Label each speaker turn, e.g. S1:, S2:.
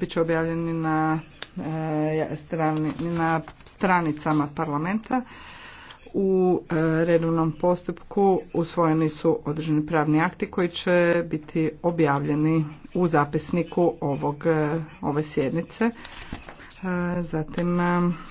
S1: bit će objavljeni na, e, na stranicama parlamenta. U e, redovnom postupku usvojeni su određeni pravni akti koji će biti objavljeni u zapisniku ovog, e, ove sjednice. Zatim